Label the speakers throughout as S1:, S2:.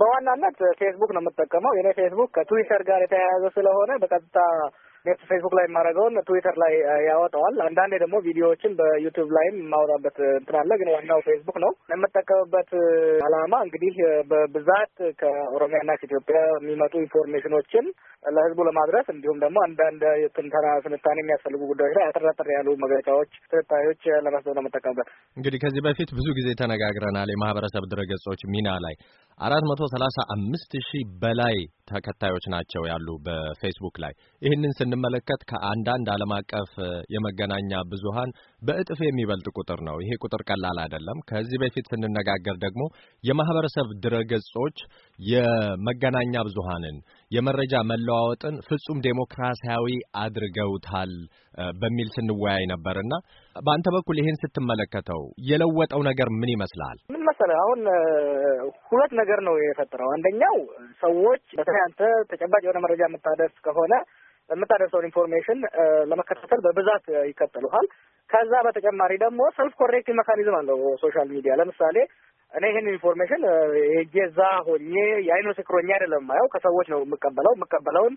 S1: በዋናነት ፌስቡክ ነው የምጠቀመው። የኔ ፌስቡክ ከትዊተር ጋር የተያያዘ ስለሆነ በቀጥታ ፌስቡክ ላይ የማደርገውን ትዊተር ላይ ያወጣዋል። አንዳንዴ ደግሞ ቪዲዮዎችን በዩቱብ ላይም የማወጣበት እንትን አለ። ግን ዋናው ፌስቡክ ነው። የምጠቀምበት አላማ እንግዲህ በብዛት ከኦሮሚያና ከኢትዮጵያ የሚመጡ ኢንፎርሜሽኖችን ለህዝቡ ለማድረስ እንዲሁም ደግሞ አንዳንድ ትንተና፣ ትንታኔ የሚያስፈልጉ ጉዳዮች ላይ አጠራጠር ያሉ መግለጫዎች፣ ትንታኔዎች ለመስጠት ነው የምጠቀምበት።
S2: እንግዲህ ከዚህ በፊት ብዙ ጊዜ ተነጋግረናል። የማህበረሰብ ድረገጾች ሚና ላይ አራት መቶ ሰላሳ አምስት ሺህ በላይ ተከታዮች ናቸው ያሉ በፌስቡክ ላይ ይህንን ስን ስንመለከት ከአንዳንድ ዓለም አቀፍ የመገናኛ ብዙሃን በእጥፍ የሚበልጥ ቁጥር ነው። ይሄ ቁጥር ቀላል አይደለም። ከዚህ በፊት ስንነጋገር ደግሞ የማህበረሰብ ድረገጾች የመገናኛ ብዙሃንን የመረጃ መለዋወጥን ፍጹም ዴሞክራሲያዊ አድርገውታል በሚል ስንወያይ ነበር እና በአንተ በኩል ይህን ስትመለከተው የለወጠው ነገር ምን ይመስላል?
S1: ምን መሰለህ አሁን ሁለት ነገር ነው የፈጠረው። አንደኛው ሰዎች በተለይ አንተ ተጨባጭ የሆነ መረጃ የምታደርስ ከሆነ የምታደርሰውን ኢንፎርሜሽን ለመከታተል በብዛት ይከተሉሃል። ከዛ በተጨማሪ ደግሞ ሰልፍ ኮሬክቲቭ ሜካኒዝም አለው ሶሻል ሚዲያ። ለምሳሌ እኔ ይህን ኢንፎርሜሽን የጌዛ ሆኜ የአይኑ ምስክሮኛ አይደለም ማየው ከሰዎች ነው የምቀበለው። የምቀበለውን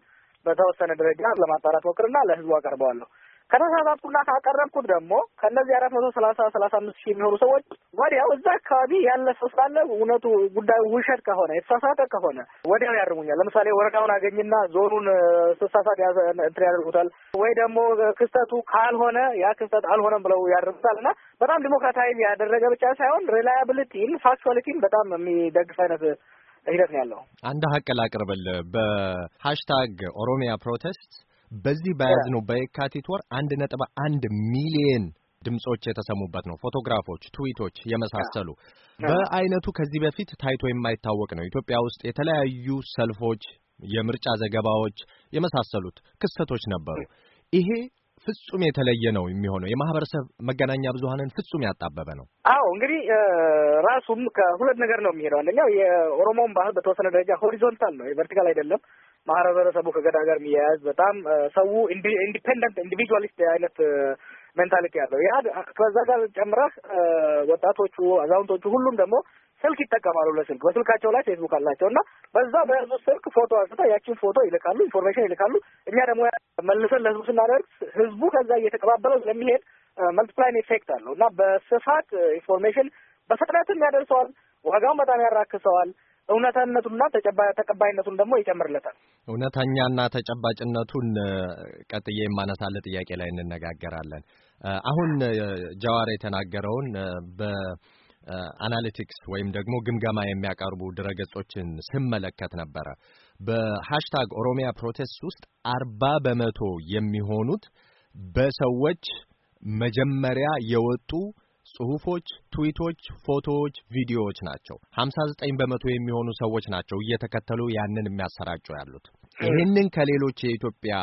S1: በተወሰነ ደረጃ ለማጣራት ሞክርና ለህዝቡ አቀርበዋለሁ። ከተሳሳትኩና ካቀረብኩት ደግሞ ከእነዚህ አራት መቶ ሰላሳ ሰላሳ አምስት ሺህ የሚሆኑ ሰዎች ወዲያው እዛ አካባቢ ያለ ሰው ስላለ እውነቱ ጉዳዩ ውሸት ከሆነ የተሳሳተ ከሆነ ወዲያው ያርሙኛል። ለምሳሌ ወረዳውን አገኝና ዞኑን ስሳሳት እንትን ያደርጉታል ወይ ደግሞ ክስተቱ ካልሆነ ያ ክስተት አልሆነም ብለው ያደርጉታል እና በጣም ዲሞክራታዊ ያደረገ ብቻ ሳይሆን ሪላያብሊቲን ፋክቹዋሊቲን በጣም የሚደግፍ አይነት ሂደት ነው ያለው።
S2: አንድ ሀቅ ላቅርብል። በሃሽታግ ኦሮሚያ ፕሮቴስት በዚህ በያዝነው በየካቲት ወር አንድ ነጥብ አንድ ሚሊየን ድምጾች የተሰሙበት ነው። ፎቶግራፎች፣ ትዊቶች የመሳሰሉ በአይነቱ ከዚህ በፊት ታይቶ የማይታወቅ ነው። ኢትዮጵያ ውስጥ የተለያዩ ሰልፎች፣ የምርጫ ዘገባዎች የመሳሰሉት ክስተቶች ነበሩ። ይሄ ፍጹም የተለየ ነው የሚሆነው። የማህበረሰብ መገናኛ ብዙሀንን ፍጹም ያጣበበ ነው።
S1: አዎ እንግዲህ ራሱም ከሁለት ነገር ነው የሚሄደው። አንደኛው የኦሮሞን ባህል በተወሰነ ደረጃ ሆሪዞንታል ነው፣ ቨርቲካል አይደለም። ማህበረሰቡ ከገዳ ጋር የሚያያዝ በጣም ሰው ኢንዲፔንደንት ኢንዲቪጁዋሊስት አይነት ሜንታሊቲ ያለው ያ ከዛ ጋር ጨምረህ ወጣቶቹ፣ አዛውንቶቹ ሁሉም ደግሞ ስልክ ይጠቀማሉ። ለስልክ በስልካቸው ላይ ፌስቡክ አላቸው እና በዛ በያዙ ስልክ ፎቶ አንስታ ያችን ፎቶ ይልካሉ፣ ኢንፎርሜሽን ይልካሉ። እኛ ደግሞ መልሰን ለህዝቡ ስናደርግ ህዝቡ ከዛ እየተቀባበለ ስለሚሄድ መልቲፕላይን ኢፌክት አለው እና በስፋት ኢንፎርሜሽን በፍጥነትም ያደርሰዋል፣ ዋጋውን በጣም ያራክሰዋል። እውነታነቱና ተቀባይነቱን ደግሞ ይጨምርለታል።
S2: እውነተኛና ተጨባጭነቱን ቀጥዬ የማነሳለ ጥያቄ ላይ እንነጋገራለን። አሁን ጀዋር የተናገረውን በአናሊቲክስ ወይም ደግሞ ግምገማ የሚያቀርቡ ድረገጾችን ስመለከት ነበረ። በሃሽታግ ኦሮሚያ ፕሮቴስት ውስጥ አርባ በመቶ የሚሆኑት በሰዎች መጀመሪያ የወጡ ጽሁፎች፣ ትዊቶች፣ ፎቶዎች፣ ቪዲዮዎች ናቸው። ሀምሳ ዘጠኝ በመቶ የሚሆኑ ሰዎች ናቸው እየተከተሉ ያንን የሚያሰራጩ ያሉት። ይህንን ከሌሎች የኢትዮጵያ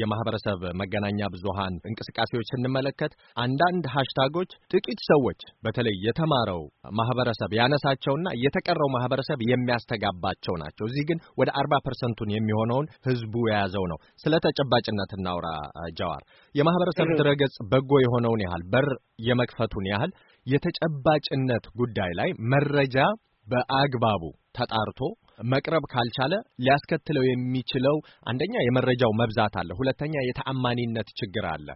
S2: የማህበረሰብ መገናኛ ብዙሀን እንቅስቃሴዎች ስንመለከት አንዳንድ ሀሽታጎች ጥቂት ሰዎች በተለይ የተማረው ማህበረሰብ ያነሳቸውና የተቀረው ማህበረሰብ የሚያስተጋባቸው ናቸው። እዚህ ግን ወደ አርባ ፐርሰንቱን የሚሆነውን ህዝቡ የያዘው ነው። ስለ ተጨባጭነት እናውራ ጀዋር። የማህበረሰብ ድረገጽ በጎ የሆነውን ያህል በር የመክፈቱን ያህል ይባላል። የተጨባጭነት ጉዳይ ላይ መረጃ በአግባቡ ተጣርቶ መቅረብ ካልቻለ ሊያስከትለው የሚችለው አንደኛ የመረጃው መብዛት አለ፣ ሁለተኛ የተአማኒነት ችግር አለ።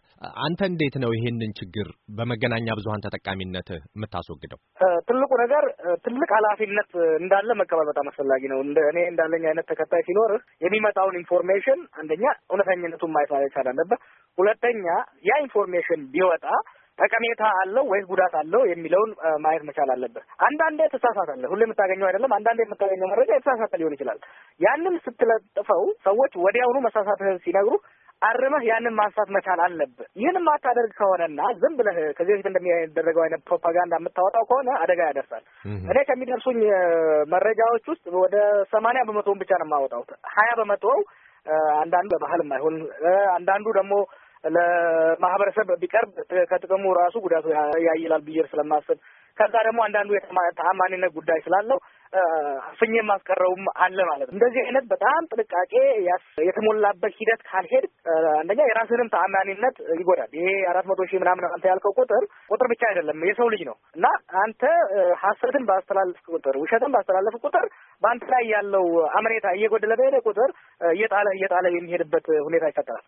S2: አንተ እንዴት ነው ይሄንን ችግር በመገናኛ ብዙኃን ተጠቃሚነት የምታስወግደው?
S1: ትልቁ ነገር ትልቅ ኃላፊነት እንዳለ መቀበል በጣም አስፈላጊ ነው። እንደ እኔ እንዳለኝ አይነት ተከታይ ሲኖርህ የሚመጣውን ኢንፎርሜሽን አንደኛ እውነተኝነቱን ማየት አለበት፣ ሁለተኛ ያ ኢንፎርሜሽን ቢወጣ ጠቀሜታ አለው ወይስ ጉዳት አለው የሚለውን ማየት መቻል አለበት። አንዳንዴ ትሳሳታለህ። ሁሉ የምታገኘው አይደለም። አንዳንዴ የምታገኘው መረጃ የተሳሳተ ሊሆን ይችላል። ያንን ስትለጥፈው ሰዎች ወዲያውኑ መሳሳትህን ሲነግሩ አርመህ ያንን ማንሳት መቻል አለብህ። ይህን ማታደርግ ከሆነና ዝም ብለህ ከዚህ በፊት እንደሚደረገው አይነት ፕሮፓጋንዳ የምታወጣው ከሆነ አደጋ ያደርሳል። እኔ ከሚደርሱኝ መረጃዎች ውስጥ ወደ ሰማንያ በመቶውን ብቻ ነው የማወጣው። ሀያ በመቶው አንዳንዱ በባህል የማይሆን አንዳንዱ ደግሞ ለማህበረሰብ ቢቀርብ ከጥቅሙ ራሱ ጉዳቱ ያይላል ብዬ ስለማስብ ከዛ ደግሞ አንዳንዱ የተማማኒነት ጉዳይ ስላለው አፍኜ ማስቀረውም አለ ማለት ነው። እንደዚህ አይነት በጣም ጥንቃቄ የተሞላበት ሂደት ካልሄድ አንደኛ የራስንም ተአማኒነት ይጎዳል። ይሄ አራት መቶ ሺህ ምናምን አንተ ያልከው ቁጥር ቁጥር ብቻ አይደለም የሰው ልጅ ነው እና አንተ ሀሰትን ባስተላለፍ ቁጥር ውሸትን ባስተላለፍ ቁጥር በአንተ ላይ ያለው አመኔታ እየጎደለ በሄደ ቁጥር እየጣለ እየጣለ የሚሄድበት ሁኔታ ይፈጠራል።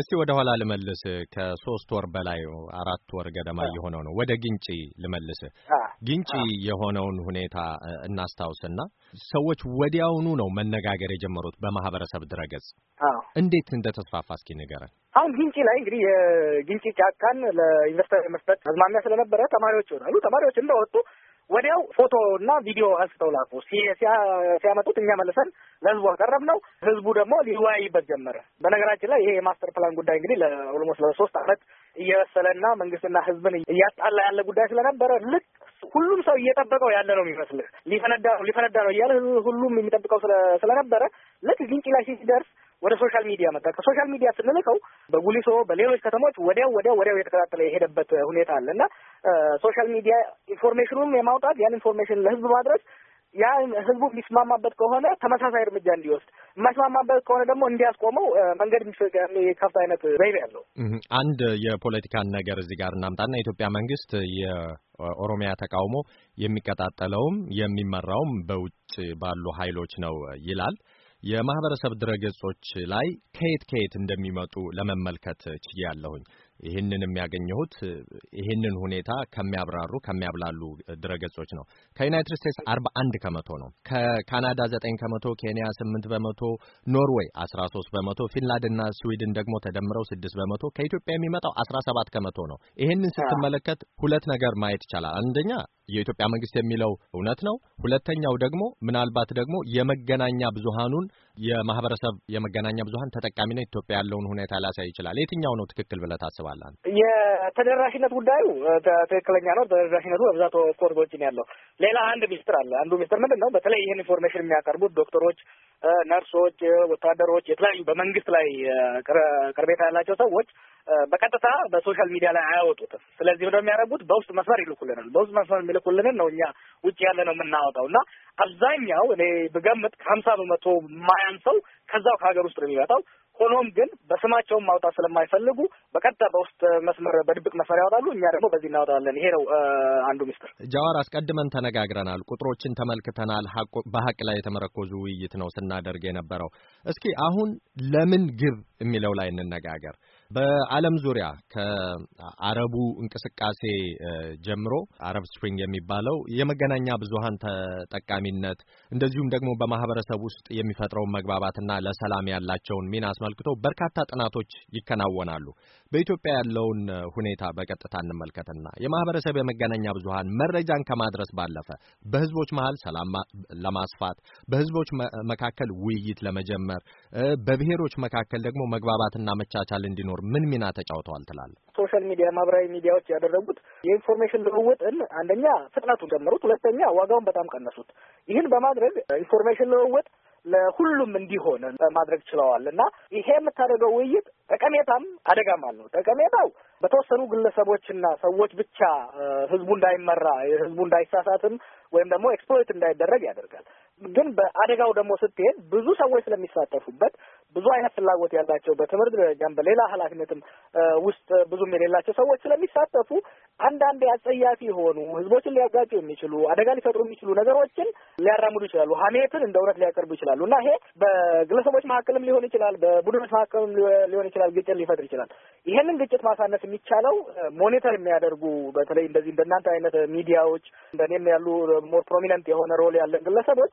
S2: እስቲ ወደ ኋላ ልመልስ። ከሶስት ወር በላይ አራት ወር ገደማ የሆነው ነው። ወደ ግንጪ ልመልስ። ግንጪ የሆነውን ሁኔታ እና ላስታውስና ሰዎች ወዲያውኑ ነው መነጋገር የጀመሩት በማህበረሰብ ድረገጽ። እንዴት እንደተስፋፋ እስኪ ንገረን።
S1: አሁን ግንጪ ላይ እንግዲህ የግንጪ ጫካን ለኢንቨስተር የመስጠት አዝማሚያ ስለነበረ ተማሪዎች ይሆናሉ። ተማሪዎች እንደወጡ ወዲያው ፎቶ እና ቪዲዮ አንስተው ላኩ። ሲያመጡት እኛ መልሰን ለህዝቡ አቀረብ ነው። ህዝቡ ደግሞ ሊወያይበት ጀመረ። በነገራችን ላይ ይሄ የማስተር ፕላን ጉዳይ እንግዲህ ለኦልሞስት ለሶስት አመት እየበሰለና መንግስትና ህዝብን እያጣላ ያለ ጉዳይ ስለነበረ ልክ ሁሉም ሰው እየጠበቀው ያለ ነው የሚመስልህ። ሊፈነዳ ነው ሊፈነዳ ነው እያለ ሁሉም የሚጠብቀው ስለነበረ ልክ ግንጭ ላይ ሲደርስ ወደ ሶሻል ሚዲያ መጣ። ከሶሻል ሚዲያ ስንልከው በጉሊሶ በሌሎች ከተሞች ወዲያው ወዲያው ወዲያው የተከታተለ የሄደበት ሁኔታ አለ እና ሶሻል ሚዲያ ኢንፎርሜሽኑም የማውጣት ያን ኢንፎርሜሽን ለህዝብ ማድረስ ያ ህዝቡ የሚስማማበት ከሆነ ተመሳሳይ እርምጃ እንዲወስድ፣ የማይስማማበት ከሆነ ደግሞ እንዲያስቆመው መንገድ የሚከፍት አይነት ዘይቤ ያለው
S2: አንድ የፖለቲካን ነገር እዚህ ጋር እናምጣና የኢትዮጵያ መንግስት የኦሮሚያ ተቃውሞ የሚቀጣጠለውም የሚመራውም በውጭ ባሉ ኃይሎች ነው ይላል። የማህበረሰብ ድረገጾች ላይ ከየት ከየት እንደሚመጡ ለመመልከት ችያለሁኝ። ይህንን የሚያገኘሁት ይህንን ሁኔታ ከሚያብራሩ ከሚያብላሉ ድረገጾች ነው። ከዩናይትድ ስቴትስ አርባ አንድ ከመቶ ነው። ከካናዳ ዘጠኝ ከመቶ፣ ኬንያ ስምንት በመቶ፣ ኖርዌይ አስራ ሶስት በመቶ፣ እና ስዊድን ደግሞ ተደምረው ስድስት በመቶ፣ ከኢትዮጵያ የሚመጣው አስራ ሰባት ከመቶ ነው። ይህንን ስትመለከት ሁለት ነገር ማየት ይቻላል። አንደኛ የኢትዮጵያ መንግስት የሚለው እውነት ነው። ሁለተኛው ደግሞ ምናልባት ደግሞ የመገናኛ ብዙሃኑን የማህበረሰብ የመገናኛ ብዙሀን ተጠቃሚነት ኢትዮጵያ ያለውን ሁኔታ ሊያሳይ ይችላል። የትኛው ነው ትክክል ብለህ ታስባለህ?
S1: የተደራሽነት ጉዳዩ ትክክለኛ ነው። ተደራሽነቱ በብዛት ኮድ በውጭ ነው ያለው። ሌላ አንድ ሚስጥር አለ። አንዱ ሚስጥር ምንድን ነው? በተለይ ይህን ኢንፎርሜሽን የሚያቀርቡት ዶክተሮች፣ ነርሶች፣ ወታደሮች፣ የተለያዩ በመንግስት ላይ ቅርቤታ ያላቸው ሰዎች በቀጥታ በሶሻል ሚዲያ ላይ አያወጡትም። ስለዚህ ወደ የሚያደርጉት በውስጥ መስመር ይልኩልናል። በውስጥ መስመር የሚልኩልንን ነው እኛ ውጭ ያለ ነው የምናወጣው እና አብዛኛው እኔ ብገምጥ ከሀምሳ በመቶ ሰው ከዛው ከሀገር ውስጥ ነው የሚመጣው። ሆኖም ግን በስማቸውን ማውጣት ስለማይፈልጉ በቀጥታ በውስጥ መስመር በድብቅ መስመር ያወጣሉ። እኛ ደግሞ በዚህ እናወጣለን። ይሄ ነው አንዱ ሚስጥር።
S2: ጃዋር፣ አስቀድመን ተነጋግረናል፣ ቁጥሮችን ተመልክተናል። በሀቅ ላይ የተመረኮዙ ውይይት ነው ስናደርግ የነበረው። እስኪ አሁን ለምን ግብ የሚለው ላይ እንነጋገር። በዓለም ዙሪያ ከአረቡ እንቅስቃሴ ጀምሮ አረብ ስፕሪንግ የሚባለው የመገናኛ ብዙሃን ተጠቃሚነት እንደዚሁም ደግሞ በማህበረሰብ ውስጥ የሚፈጥረውን መግባባትና ለሰላም ያላቸውን ሚና አስመልክቶ በርካታ ጥናቶች ይከናወናሉ። በኢትዮጵያ ያለውን ሁኔታ በቀጥታ እንመልከትና የማህበረሰብ የመገናኛ ብዙሃን መረጃን ከማድረስ ባለፈ በህዝቦች መሀል ሰላም ለማስፋት በህዝቦች መካከል ውይይት ለመጀመር በብሔሮች መካከል ደግሞ መግባባትና መቻቻል እንዲኖር እንዲኖር ምን ሚና ተጫውተዋል ትላል?
S1: ሶሻል ሚዲያ ማህበራዊ ሚዲያዎች ያደረጉት የኢንፎርሜሽን ልውውጥን አንደኛ ፍጥነቱን ጨመሩት፣ ሁለተኛ ዋጋውን በጣም ቀነሱት። ይህን በማድረግ ኢንፎርሜሽን ልውውጥ ለሁሉም እንዲሆን ማድረግ ችለዋል እና ይሄ የምታደርገው ውይይት ጠቀሜታም አደጋም አለው። ጠቀሜታው በተወሰኑ ግለሰቦችና ሰዎች ብቻ ህዝቡ እንዳይመራ ህዝቡ እንዳይሳሳትም ወይም ደግሞ ኤክስፕሎይት እንዳይደረግ ያደርጋል። ግን በአደጋው ደግሞ ስትሄድ ብዙ ሰዎች ስለሚሳተፉበት ብዙ አይነት ፍላጎት ያላቸው በትምህርት ደረጃም በሌላ ኃላፊነትም ውስጥ ብዙም የሌላቸው ሰዎች ስለሚሳተፉ አንዳንድ አጸያፊ የሆኑ ህዝቦችን ሊያጋጩ የሚችሉ አደጋ ሊፈጥሩ የሚችሉ ነገሮችን ሊያራምዱ ይችላሉ። ሀሜትን እንደ እውነት ሊያቀርቡ ይችላሉ እና ይሄ በግለሰቦች መካከልም ሊሆን ይችላል፣ በቡድኖች መካከልም ሊሆን ይችላል። ግጭት ሊፈጥር ይችላል። ይሄንን ግጭት ማሳነስ የሚቻለው ሞኒተር የሚያደርጉ በተለይ እንደዚህ እንደናንተ አይነት ሚዲያዎች እንደኔም ያሉ ሞር ፕሮሚነንት የሆነ ሮል ያለን ግለሰቦች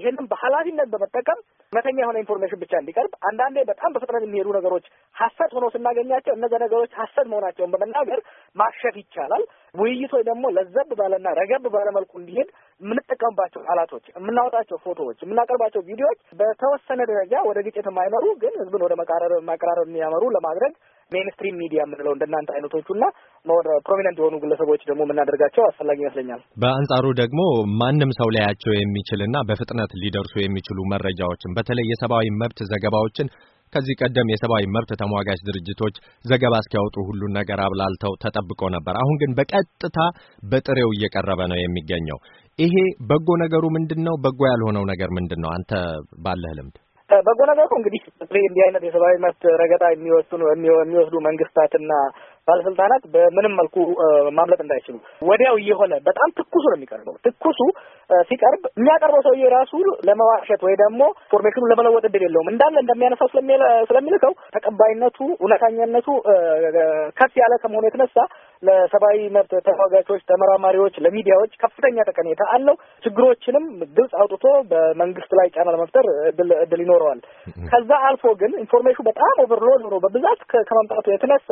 S1: ይህንን በኃላፊነት በመጠቀም እውነተኛ የሆነ ኢንፎርሜሽን ብቻ እንዲቀርብ አንዳንዴ በጣም በፍጥነት የሚሄዱ ነገሮች ሀሰት ሆኖ ስናገኛቸው እነዚ ነገሮች ሀሰት መሆናቸውን በመናገር ማሸፍ ይቻላል። ውይይቶች ደግሞ ለዘብ ባለና ረገብ ባለመልኩ እንዲሄድ የምንጠቀምባቸው ቃላቶች፣ የምናወጣቸው ፎቶዎች፣ የምናቀርባቸው ቪዲዮዎች በተወሰነ ደረጃ ወደ ግጭት የማይመሩ ግን ህዝብን ወደ መቃረብ ማቀራረብ የሚያመሩ ለማድረግ ሜንስትሪም ሚዲያ የምንለው እንደናንተ አይነቶቹና ወደ ፕሮሚነንት የሆኑ ግለሰቦች ደግሞ የምናደርጋቸው አስፈላጊ ይመስለኛል።
S2: በአንጻሩ ደግሞ ማንም ሰው ላያቸው የሚችልና በፍጥነት በፍጥነት ሊደርሱ የሚችሉ መረጃዎችን በተለይ የሰብአዊ መብት ዘገባዎችን ከዚህ ቀደም የሰብአዊ መብት ተሟጋች ድርጅቶች ዘገባ እስኪያወጡ ሁሉን ነገር አብላልተው ተጠብቆ ነበር። አሁን ግን በቀጥታ በጥሬው እየቀረበ ነው የሚገኘው። ይሄ በጎ ነገሩ ምንድን ነው? በጎ ያልሆነው ነገር ምንድን ነው? አንተ ባለህ ልምድ።
S1: በጎ ነገሩ እንግዲህ እንዲህ አይነት የሰብአዊ መብት ረገጣ የሚወስኑ የሚወስዱ መንግስታትና ባለስልጣናት በምንም መልኩ ማምለጥ እንዳይችሉ ወዲያው እየሆነ በጣም ትኩሱ ነው የሚቀርበው። ትኩሱ ሲቀርብ የሚያቀርበው ሰውዬ ራሱ ለመዋሸት ወይ ደግሞ ፎርሜሽኑ ለመለወጥ እድል የለውም። እንዳለ እንደሚያነሳው ስለሚልከው ተቀባይነቱ፣ እውነተኛነቱ ከፍ ያለ ከመሆኑ የተነሳ ለሰብአዊ መብት ተሟጋቾች፣ ተመራማሪዎች፣ ለሚዲያዎች ከፍተኛ ጠቀሜታ አለው። ችግሮችንም ግልጽ አውጥቶ በመንግስት ላይ ጫና ለመፍጠር እድል ይኖረዋል። ከዛ አልፎ ግን ኢንፎርሜሽኑ በጣም ኦቨርሎድ ሆኖ በብዛት ከመምጣቱ የተነሳ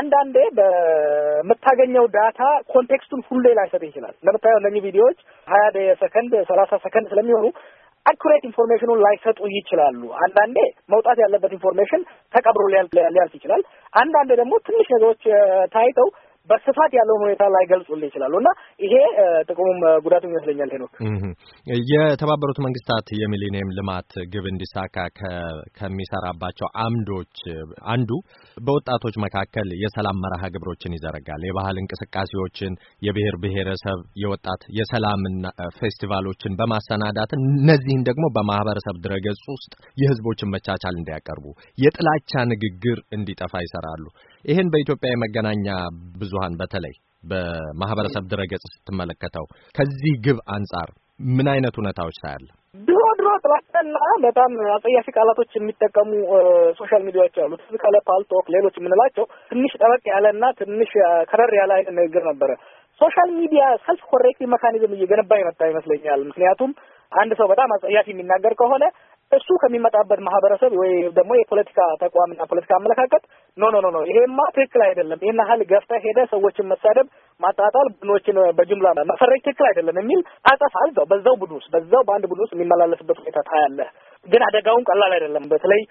S1: አንዳንዴ በምታገኘው ዳታ ኮንቴክስቱን ሁሌ ላይሰጥ ይችላል። ለምታየው እነዚህ ቪዲዮዎች ሀያ ሰከንድ ሰላሳ ሰከንድ ስለሚሆኑ አኩሬት ኢንፎርሜሽኑን ላይሰጡ ይችላሉ። አንዳንዴ መውጣት ያለበት ኢንፎርሜሽን ተቀብሮ ሊያልፍ ይችላል። አንዳንዴ ደግሞ ትንሽ ነገሮች ታይተው በስፋት ያለውን ሁኔታ ላይ ገልጹልህ ይችላሉ እና ይሄ ጥቅሙም ጉዳቱም ይመስለኛል። ሄኖክ
S2: የተባበሩት መንግስታት የሚሊኒየም ልማት ግብ እንዲሳካ ከሚሰራባቸው አምዶች አንዱ በወጣቶች መካከል የሰላም መርሃ ግብሮችን ይዘረጋል። የባህል እንቅስቃሴዎችን፣ የብሔር ብሔረሰብ የወጣት የሰላም ፌስቲቫሎችን በማሰናዳት እነዚህን ደግሞ በማህበረሰብ ድረገጽ ውስጥ የህዝቦችን መቻቻል እንዲያቀርቡ፣ የጥላቻ ንግግር እንዲጠፋ ይሰራሉ። ይህን በኢትዮጵያ የመገናኛ ብዙሃን በተለይ በማህበረሰብ ድረገጽ ስትመለከተው ከዚህ ግብ አንጻር ምን አይነት ሁኔታዎች ታያለ?
S1: ድሮ ድሮ ጥላቻና በጣም አጸያፊ ቃላቶች የሚጠቀሙ ሶሻል ሚዲያዎች አሉ። ትዝ ፓልቶክ፣ ሌሎች የምንላቸው ትንሽ ጠበቅ ያለና ትንሽ ከረር ያለ አይነት ንግግር ነበረ። ሶሻል ሚዲያ ሰልፍ ኮሬክቲቭ መካኒዝም እየገነባ የመጣ ይመስለኛል። ምክንያቱም አንድ ሰው በጣም አጸያፊ የሚናገር ከሆነ እሱ ከሚመጣበት ማህበረሰብ ወይ ደግሞ የፖለቲካ ተቋምና ፖለቲካ አመለካከት ኖ ኖ ኖ ኖ ይሄማ ትክክል አይደለም፣ ይህን ያህል ገፍተህ ሄደህ ሰዎችን መሳደብ፣ ማጣጣል፣ ቡድኖችን በጅምላ መፈረጅ ትክክል አይደለም የሚል ታጠፋል። እዛው በዛው ቡድን ውስጥ በዛው በአንድ ቡድን ውስጥ የሚመላለስበት ሁኔታ ታያለህ። ግን አደጋውን ቀላል አይደለም። በተለይ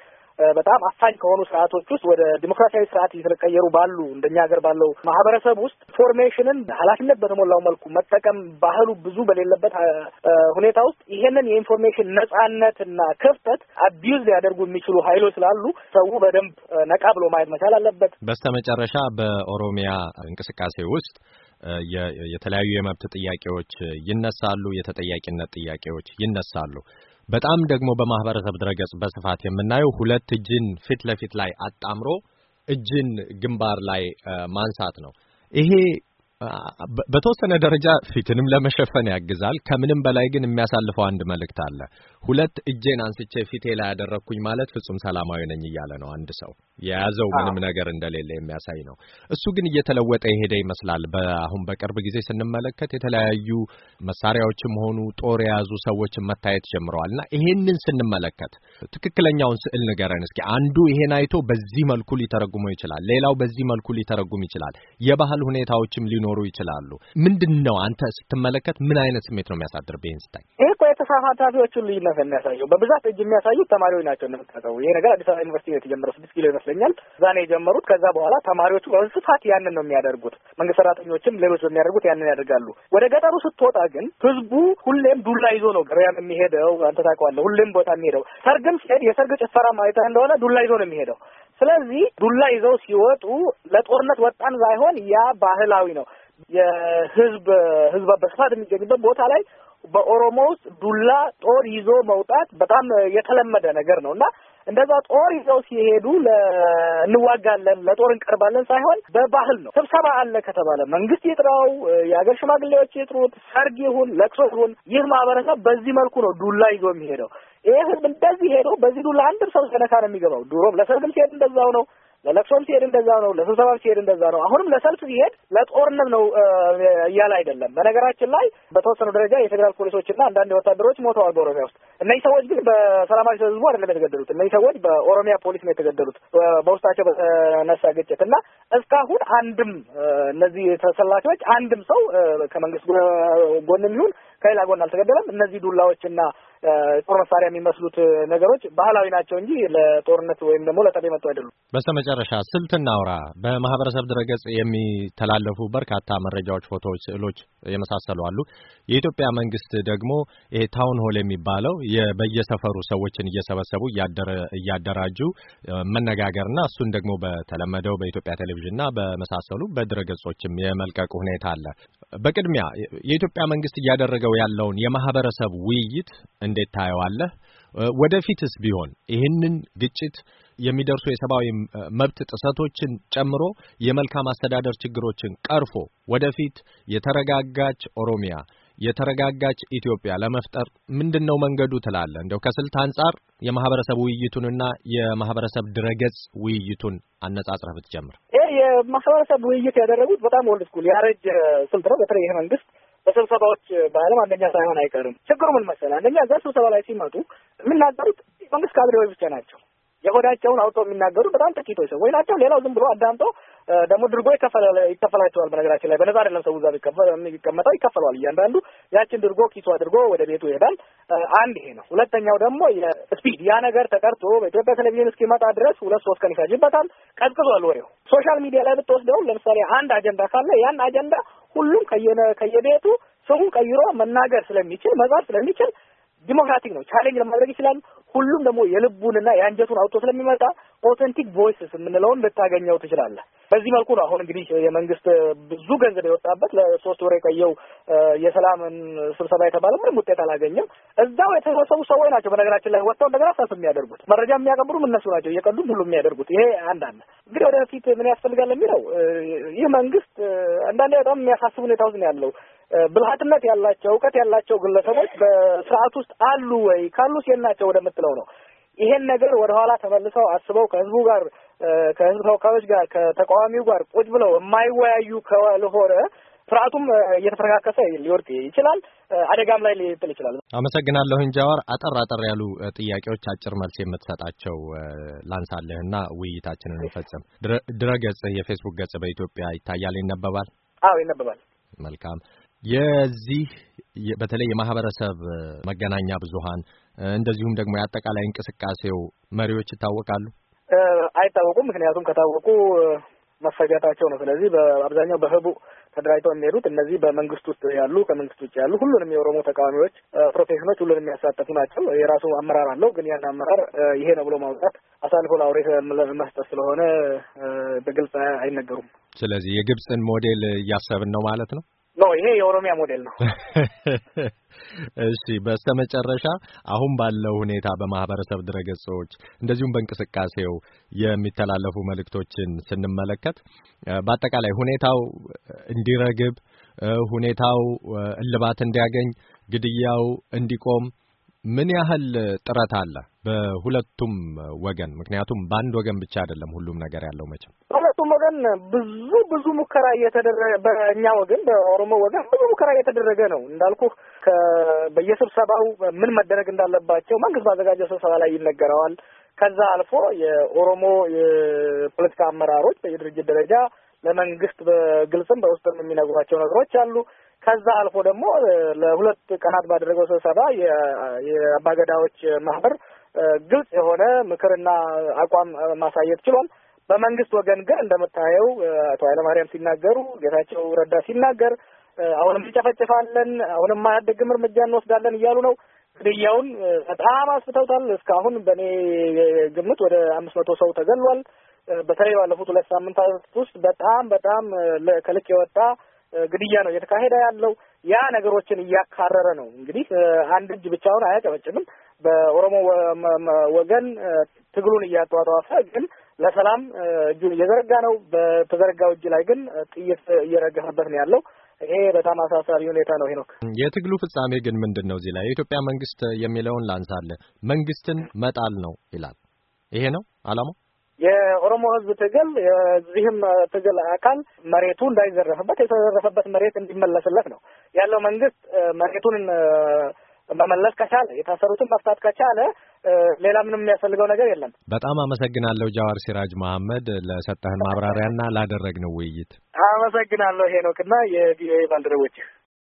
S1: በጣም አፋኝ ከሆኑ ስርዓቶች ውስጥ ወደ ዲሞክራሲያዊ ስርዓት እየተቀየሩ ባሉ እንደኛ ሀገር ባለው ማህበረሰብ ውስጥ ኢንፎርሜሽንን ኃላፊነት በተሞላው መልኩ መጠቀም ባህሉ ብዙ በሌለበት ሁኔታ ውስጥ ይሄንን የኢንፎርሜሽን እና ክፍተት አቢዩዝ ሊያደርጉ የሚችሉ ሀይሎች ስላሉ ሰው በደንብ ነቃ ብሎ ማየት መቻል አለበት።
S2: በስተመጨረሻ በኦሮሚያ እንቅስቃሴ ውስጥ የተለያዩ የመብት ጥያቄዎች ይነሳሉ፣ የተጠያቂነት ጥያቄዎች ይነሳሉ። በጣም ደግሞ በማህበረሰብ ድረገጽ በስፋት የምናየው ሁለት እጅን ፊት ለፊት ላይ አጣምሮ እጅን ግንባር ላይ ማንሳት ነው። ይሄ በተወሰነ ደረጃ ፊትንም ለመሸፈን ያግዛል። ከምንም በላይ ግን የሚያሳልፈው አንድ መልእክት አለ። ሁለት እጄን አንስቼ ፊቴ ላይ ያደረግኩኝ ማለት ፍጹም ሰላማዊ ነኝ እያለ ነው። አንድ ሰው የያዘው ምንም ነገር እንደሌለ የሚያሳይ ነው። እሱ ግን እየተለወጠ የሄደ ይመስላል። አሁን በቅርብ ጊዜ ስንመለከት የተለያዩ መሳሪያዎችም ሆኑ ጦር የያዙ ሰዎችን መታየት ጀምረዋል። እና ይሄንን ስንመለከት ትክክለኛውን ስዕል ንገረን እስኪ። አንዱ ይሄን አይቶ በዚህ መልኩ ሊተረጉመው ይችላል፣ ሌላው በዚህ መልኩ ሊተረጉም ይችላል። የባህል ሁኔታዎችም ሊኖ ሊኖሩ ይችላሉ። ምንድን ነው አንተ ስትመለከት ምን አይነት ስሜት ነው የሚያሳድርብህ? ይህን ስታይ
S1: ይህ እኮ የተሳታፊዎች ሁሉ ልዩነት የሚያሳየው። በብዛት እጅ የሚያሳዩት ተማሪዎች ናቸው እንደምታውቀው። ይሄ ነገር አዲስ አበባ ዩኒቨርሲቲ ነው የተጀመረው፣ ስድስት ኪሎ ይመስለኛል እዛ ነው የጀመሩት። ከዛ በኋላ ተማሪዎቹ በስፋት ያንን ነው የሚያደርጉት። መንግስት ሰራተኞችም ሌሎች በሚያደርጉት ያንን ያደርጋሉ። ወደ ገጠሩ ስትወጣ ግን ህዝቡ ሁሌም ዱላ ይዞ ነው ገበያም የሚሄደው። አንተ ታውቀዋለህ፣ ሁሌም ቦታ የሚሄደው ሰርግም ሲሄድ የሰርግ ጭፈራ ማየት እንደሆነ ዱላ ይዞ ነው የሚሄደው። ስለዚህ ዱላ ይዘው ሲወጡ ለጦርነት ወጣን ሳይሆን ያ ባህላዊ ነው። የህዝብ ህዝብ በስፋት የሚገኝበት ቦታ ላይ በኦሮሞ ውስጥ ዱላ ጦር ይዞ መውጣት በጣም የተለመደ ነገር ነው እና እንደዛ ጦር ይዘው ሲሄዱ እንዋጋለን፣ ለጦር እንቀርባለን ሳይሆን በባህል ነው። ስብሰባ አለ ከተባለ መንግስት ይጥራው፣ የሀገር ሽማግሌዎች ይጥሩት፣ ሰርግ ይሁን ለቅሶ ይሁን ይህ ማህበረሰብ በዚህ መልኩ ነው ዱላ ይዞ የሚሄደው። ይህ ህዝብ እንደዚህ ሄዶ በዚህ ዱላ አንድም ሰው ሳይነካ ነው የሚገባው። ድሮም ለሰርግም ሲሄድ እንደዛው ነው። ለለቅሶም ሲሄድ እንደዛ ነው፣ ለስብሰባም ሲሄድ እንደዛ ነው። አሁንም ለሰልፍ ሲሄድ ለጦርነት ነው እያለ አይደለም። በነገራችን ላይ በተወሰኑ ደረጃ የፌዴራል ፖሊሶችና አንዳንድ ወታደሮች ሞተዋል በኦሮሚያ ውስጥ። እነዚህ ሰዎች ግን በሰላማዊ ህዝቡ አይደለም የተገደሉት። እነዚህ ሰዎች በኦሮሚያ ፖሊስ ነው የተገደሉት በውስጣቸው በነሳ ግጭት እና እስካሁን አንድም እነዚህ ተሰላፊዎች አንድም ሰው ከመንግስት ጎንም ይሁን ከሌላ ጎን አልተገደለም። እነዚህ ዱላዎችና ጦር መሳሪያ የሚመስሉት ነገሮች ባህላዊ ናቸው እንጂ ለጦርነት ወይም ደግሞ ለጠብ የመጡ አይደሉም።
S2: በስተ መጨረሻ ስልት እናውራ። በማህበረሰብ ድረገጽ የሚተላለፉ በርካታ መረጃዎች፣ ፎቶዎች፣ ስዕሎች የመሳሰሉ አሉ። የኢትዮጵያ መንግስት ደግሞ ይሄ ታውን ሆል የሚባለው በየሰፈሩ ሰዎችን እየሰበሰቡ እያደራጁ መነጋገርና እሱን ደግሞ በተለመደው በኢትዮጵያ ቴሌቪዥንና በመሳሰሉ በድረገጾችም የመልቀቅ ሁኔታ አለ። በቅድሚያ የኢትዮጵያ መንግስት እያደረገው ያለውን የማህበረሰብ ውይይት እንዴት ታየዋለህ? ወደፊትስ ቢሆን ይህንን ግጭት የሚደርሱ የሰብአዊ መብት ጥሰቶችን ጨምሮ የመልካም አስተዳደር ችግሮችን ቀርፎ ወደፊት የተረጋጋች ኦሮሚያ የተረጋጋች ኢትዮጵያ ለመፍጠር ምንድን ነው መንገዱ ትላለ እንደው ከስልት አንጻር የማህበረሰብ ውይይቱንና የማህበረሰብ ድረገጽ ውይይቱን አነጻጽረህ ብትጀምር።
S1: ይህ የማህበረሰብ ውይይት ያደረጉት በጣም ወልድ ስኩል ያረጀ ስልት ነው። በተለይ መንግስት በስብሰባዎች በዓለም አንደኛ ሳይሆን አይቀርም። ችግሩ ምን መሰለህ? አንደኛ እዛ ስብሰባ ላይ ሲመጡ የሚናገሩት መንግስት ካድሬዎች ብቻ ናቸው። የሆዳቸውን አውጥተው የሚናገሩ በጣም ጥቂቶች ሰዎች ናቸው። ሌላው ዝም ብሎ አዳምጦ ደግሞ ድርጎ ይከፈላቸዋል። በነገራችን ላይ በነፃ አይደለም ሰው እዛ የሚቀመጠው ይከፈለዋል። እያንዳንዱ ያችን ድርጎ ኪሱ አድርጎ ወደ ቤቱ ይሄዳል። አንድ ይሄ ነው። ሁለተኛው ደግሞ የስፒድ ያ ነገር ተቀርቶ በኢትዮጵያ ቴሌቪዥን እስኪመጣ ድረስ ሁለት ሶስት ቀን ይፈጅበታል። ቀዝቅዟል ወሬው። ሶሻል ሚዲያ ላይ ብትወስደው ለምሳሌ አንድ አጀንዳ ካለ ያን አጀንዳ ሁሉም ከየቤቱ ስሙን ቀይሮ መናገር ስለሚችል መጻፍ ስለሚችል ዲሞክራቲክ ነው። ቻሌንጅ ለማድረግ ይችላል። ሁሉም ደግሞ የልቡንና የአንጀቱን አውጥቶ ስለሚመጣ ኦቴንቲክ ቮይስስ የምንለውን ልታገኘው ትችላለህ። በዚህ መልኩ ነው አሁን እንግዲህ የመንግስት ብዙ ገንዘብ የወጣበት ለሶስት ወር የቆየው የሰላምን ስብሰባ የተባለ ምንም ውጤት አላገኘም። እዛው የተሰበሰቡ ሰዎች ናቸው በነገራችን ላይ ወጥተው እንደገና ሰልፍ የሚያደርጉት መረጃ የሚያቀብሉም እነሱ ናቸው፣ እየቀዱም ሁሉ የሚያደርጉት ይሄ አንዳንድ እንግዲህ ወደፊት ምን ያስፈልጋል የሚለው ይህ መንግስት አንዳንዴ በጣም የሚያሳስብ ሁኔታ ውስጥ ያለው። ብልሃትነት ያላቸው እውቀት ያላቸው ግለሰቦች በስርዓት ውስጥ አሉ ወይ? ካሉ ሴን ናቸው ወደምትለው ነው። ይሄን ነገር ወደኋላ ተመልሰው አስበው ከህዝቡ ጋር ከህዝብ ተወካዮች ጋር ከተቃዋሚው ጋር ቁጭ ብለው የማይወያዩ ከልሆነ ስርዓቱም እየተፈረካከሰ ሊወድቅ ይችላል፣ አደጋም ላይ ሊጥል ይችላል።
S2: አመሰግናለሁ እንጃዋር አጠር አጠር ያሉ ጥያቄዎች አጭር መልስ የምትሰጣቸው ላንሳለህ እና ውይይታችንን እንፈጽም። ድረ ገጽህ የፌስቡክ ገጽ በኢትዮጵያ ይታያል፣ ይነበባል? አዎ ይነበባል። መልካም የዚህ በተለይ የማህበረሰብ መገናኛ ብዙሃን እንደዚሁም ደግሞ የአጠቃላይ እንቅስቃሴው መሪዎች ይታወቃሉ?
S1: አይታወቁም። ምክንያቱም ከታወቁ መሰጋታቸው ነው። ስለዚህ በአብዛኛው በህቡ ተደራጅተው የሚሄዱት እነዚህ በመንግስት ውስጥ ያሉ ከመንግስት ውጭ ያሉ ሁሉንም የኦሮሞ ተቃዋሚዎች ፕሮፌሽኖች ሁሉንም የሚያሳተፉ ናቸው። የራሱ አመራር አለው። ግን ያን አመራር ይሄ ነው ብሎ ማውጣት አሳልፎ ለአውሬ መስጠት ስለሆነ በግልጽ አይነገሩም።
S2: ስለዚህ የግብፅን ሞዴል እያሰብን ነው ማለት ነው።
S1: ነው። ይሄ የኦሮሚያ ሞዴል ነው።
S2: እሺ፣ በስተመጨረሻ አሁን ባለው ሁኔታ በማህበረሰብ ድረገጾች እንደዚሁም በእንቅስቃሴው የሚተላለፉ መልእክቶችን ስንመለከት በአጠቃላይ ሁኔታው እንዲረግብ፣ ሁኔታው እልባት እንዲያገኝ፣ ግድያው እንዲቆም ምን ያህል ጥረት አለ በሁለቱም ወገን? ምክንያቱም በአንድ ወገን ብቻ አይደለም ሁሉም ነገር ያለው መቼም
S1: በሁለቱም ወገን ብዙ ብዙ ሙከራ እየተደረገ በእኛ ወገን በኦሮሞ ወገን ብዙ ሙከራ እየተደረገ ነው። እንዳልኩ በየስብሰባው ምን መደረግ እንዳለባቸው መንግስት ባዘጋጀው ስብሰባ ላይ ይነገረዋል። ከዛ አልፎ የኦሮሞ የፖለቲካ አመራሮች በየድርጅት ደረጃ ለመንግስት በግልጽም በውስጥም የሚነግሯቸው ነገሮች አሉ። ከዛ አልፎ ደግሞ ለሁለት ቀናት ባደረገው ስብሰባ የአባገዳዎች ማህበር ግልጽ የሆነ ምክርና አቋም ማሳየት ችሏል። በመንግስት ወገን ግን እንደምታየው አቶ ኃይለማርያም ሲናገሩ፣ ጌታቸው ረዳ ሲናገር አሁንም እንጨፈጭፋለን፣ አሁንም የማያዳግም እርምጃ እንወስዳለን እያሉ ነው። ግድያውን በጣም አስፍተውታል። እስካሁን በእኔ ግምት ወደ አምስት መቶ ሰው ተገሏል። በተለይ ባለፉት ሁለት ሳምንታት ውስጥ በጣም በጣም ከልክ የወጣ ግድያ ነው እየተካሄደ ያለው። ያ ነገሮችን እያካረረ ነው። እንግዲህ አንድ እጅ ብቻውን አያጨበጭብም። በኦሮሞ ወገን ትግሉን እያጧጧፈ ግን ለሰላም እጁን እየዘረጋ ነው። በተዘረጋው እጅ ላይ ግን ጥይት እየረገፈበት ነው ያለው። ይሄ በጣም አሳሳቢ ሁኔታ ነው ሄኖክ።
S2: የትግሉ ፍጻሜ ግን ምንድን ነው? እዚህ ላይ የኢትዮጵያ መንግስት የሚለውን ላንሳለ መንግስትን መጣል ነው ይላል። ይሄ ነው አላማው።
S1: የኦሮሞ ህዝብ ትግል የዚህም ትግል አካል መሬቱ እንዳይዘረፍበት የተዘረፈበት መሬት እንዲመለስለት ነው ያለው መንግስት መሬቱን መመለስ ከቻለ የታሰሩትን መፍታት ከቻለ ሌላ ምንም የሚያስፈልገው ነገር የለም።
S2: በጣም አመሰግናለሁ ጃዋር ሲራጅ መሐመድ ለሰጠህን ማብራሪያና ላደረግነው ውይይት
S1: አመሰግናለሁ ሄኖክና የቪኦኤ ባልደረቦች